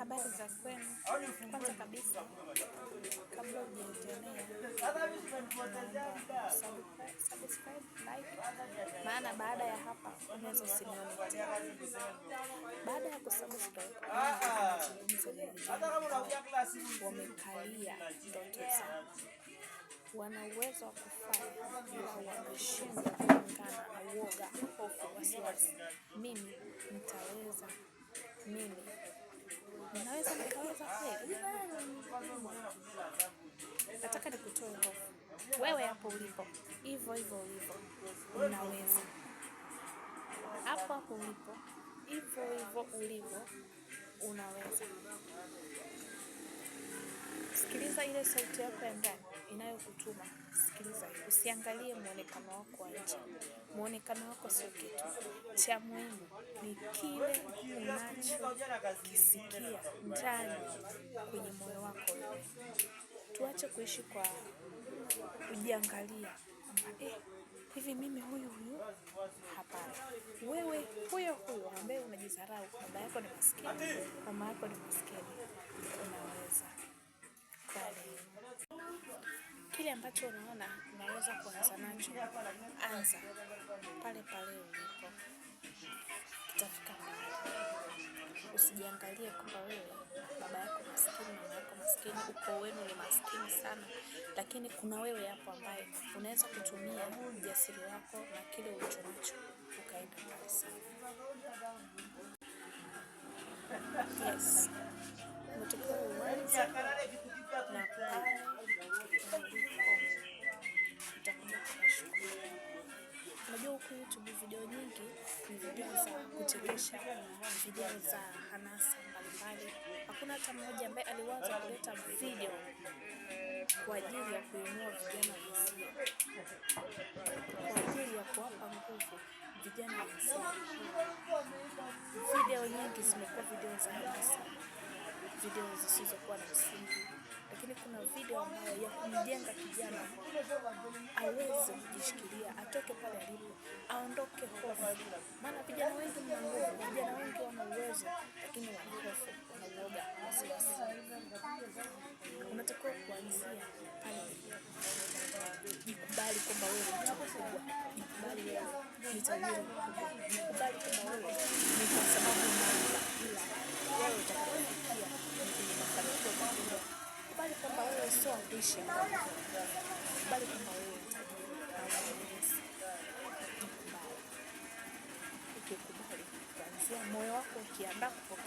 Habari za kwenu. Kwanza kabisa, kabla hujaendelea, subscribe like, maana baada ya hapa unaweza usinione tena. Baada ya kusubscribe, wamekalia ndoto zao, wana uwezo wa kufanya, ila wameshindwa kulingana na uoga, hofu, wasiwasi. Mimi nitaweza, mimi Naweza nikaweza kweli? Nataka nikutoe hofu. Wewe hapo ulipo hivyo hivyo ulipo unaweza, hapo hapo ulipo hivyo hivyo ulivyo unaweza. Sikiliza ile sauti yako ya ndani inayokutuma sikiliza, usiangalie mwonekano wako wa nje. Mwonekano wako sio kitu cha muhimu, ni kile unachokisikia ndani kwenye moyo wako wewe. Tuache kuishi kwa kujiangalia eh, hivi mimi huyu huyu? Hapana, wewe huyo huyo ambaye unajidharau. Baba yako ni maskini, mama yako ni maskini, unaweza kile ambacho unaona unaweza kuanza nacho, anza pale pale ulipo, utafika mbali. Usijiangalie kwamba wewe baba yako maskini, mama yako maskini, uko wenu ni maskini sana, lakini kuna wewe hapo ambaye unaweza kutumia ujasiri wako na kile ulichonacho ukaenda mbali sana. Yes. video huku YouTube, video nyingi ni video za kuchekesha, video za hanasa mbalimbali. Hakuna hata mmoja ambaye aliwaza kuleta video kwa ajili ya kuinua vijana wasio, kwa ajili ya kuwapa nguvu vijana wasio. Video nyingi zimekuwa video za hanasa, video zisizokuwa na msingi lakini kuna video ambayo ya kumjenga kijana aweze kujishikilia, atoke pale alipo, aondoke hofu. Maana vijana wengi mna nguvu, vijana wengi wana uwezo, lakini wana hofu, wana uoga, wasiwasi. Unatakiwa kuanzia pale, jikubali kwamba wewe ni mtu mkubwa, jikubali wewe ni tajiri mkubwa, jikubali kwamba wewe sio andishi bali kama wewe ukikubali kuanzia moyo wako ukiandaa kupokea